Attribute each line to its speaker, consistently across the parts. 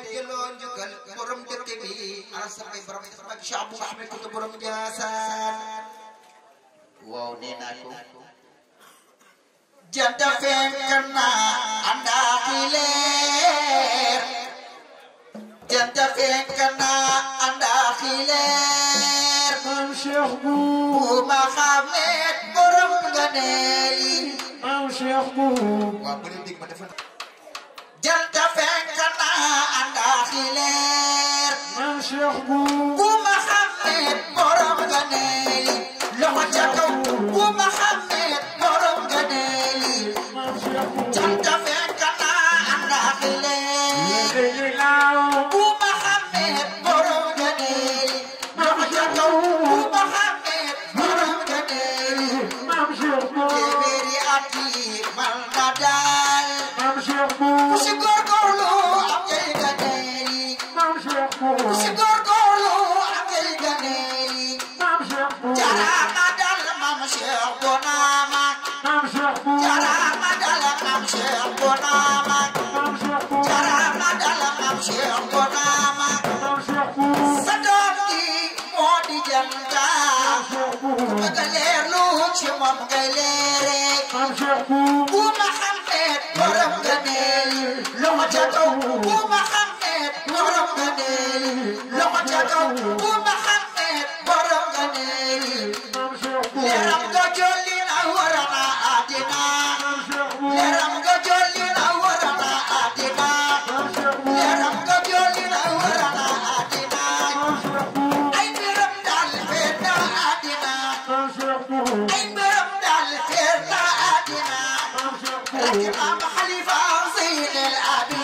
Speaker 1: mu delloo njukkal borom dëkk bi ala sabay borom def mag Cheikh Abou Ahmed ko borom Ndiassane waaw nee naa ko janta fenk na andaa ki leer janta fenk na andaa ki leer maam Cheikh bu ma xamet borom nga neeli maam Cheikh bu waaw bu leen dégg ma dafa janta fenk ci leer man Cheikh bu ku ma xam ne borom ga ne loxo ca kaw ku ma sa doom di moo di janta bëgg a leerlu ci moom ngay leere bu ma xam xeet borom nga neel loxo ca kaw bu ma xam xeet borom nga neel loxo ca kaw bu ma xam الكرام خليفة وزين الأبي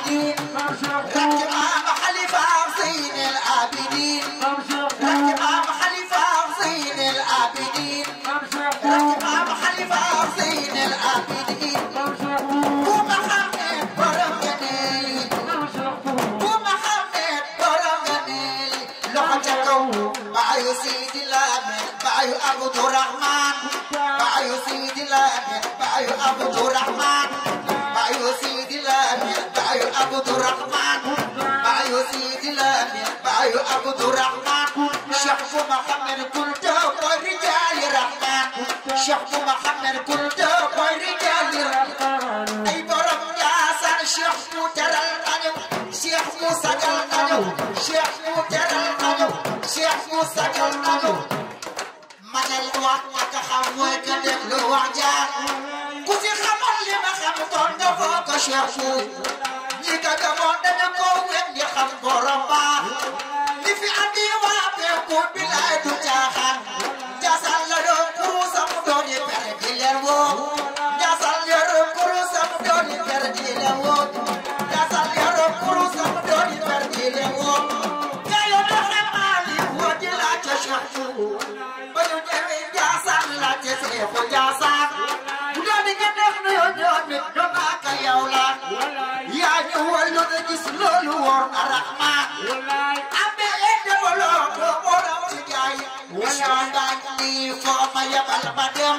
Speaker 1: baayu Sidi Lamine baayu Abdourahman baayu Sidi Lamine baayu Abdourahman baayu Sidi Lamine baayu Abdourahman baayu Sidi Lamine baayu Abdourahman Cheikh bu Mouhamed Kounta mooy rijaali Rahman Cheikh bu Mouhamed Kounta mooy rijaali Rahman ku ci xamal li ma xam toon nga foo a cherché ñi ka gëmoon dañu ko wet di xam borom li fi andi waa peeku bilaay du caaxaan ni foofa yabal ma dem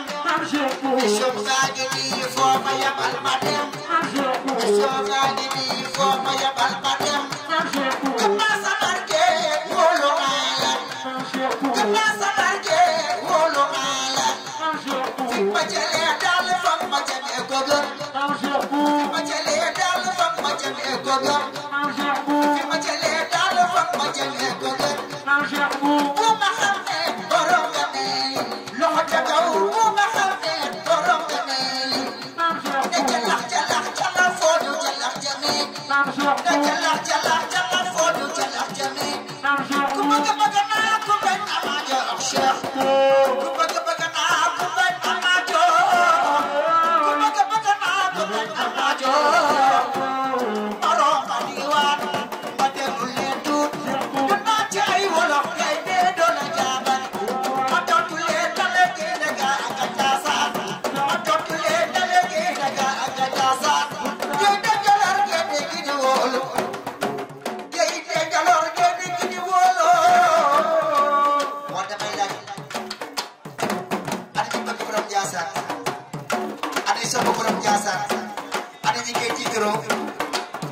Speaker 1: soogaani ni foofa yabal ma dem soogaani ni foofa yabal ma dem kama sa barke wóolu ala kama sa barke wóolu ala fi ma jëlee daal foog ma jëlee ko gën fi ma jëlee daal foog ma jëlee ko gën 干了，干了。negro,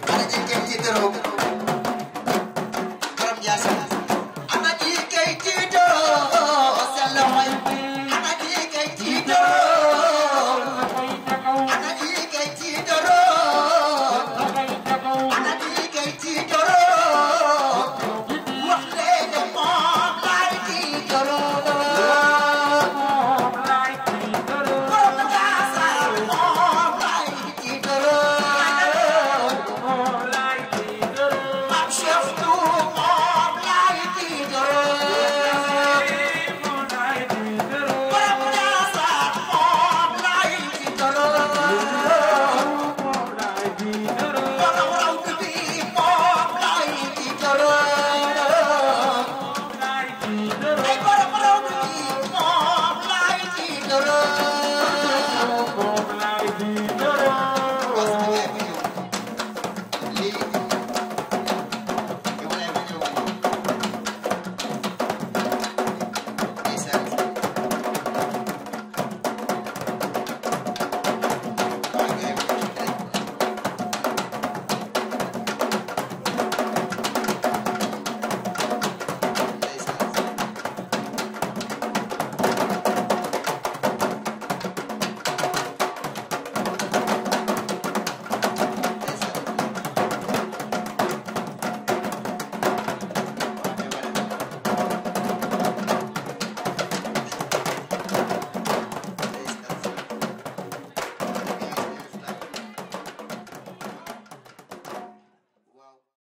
Speaker 1: alguien que quiero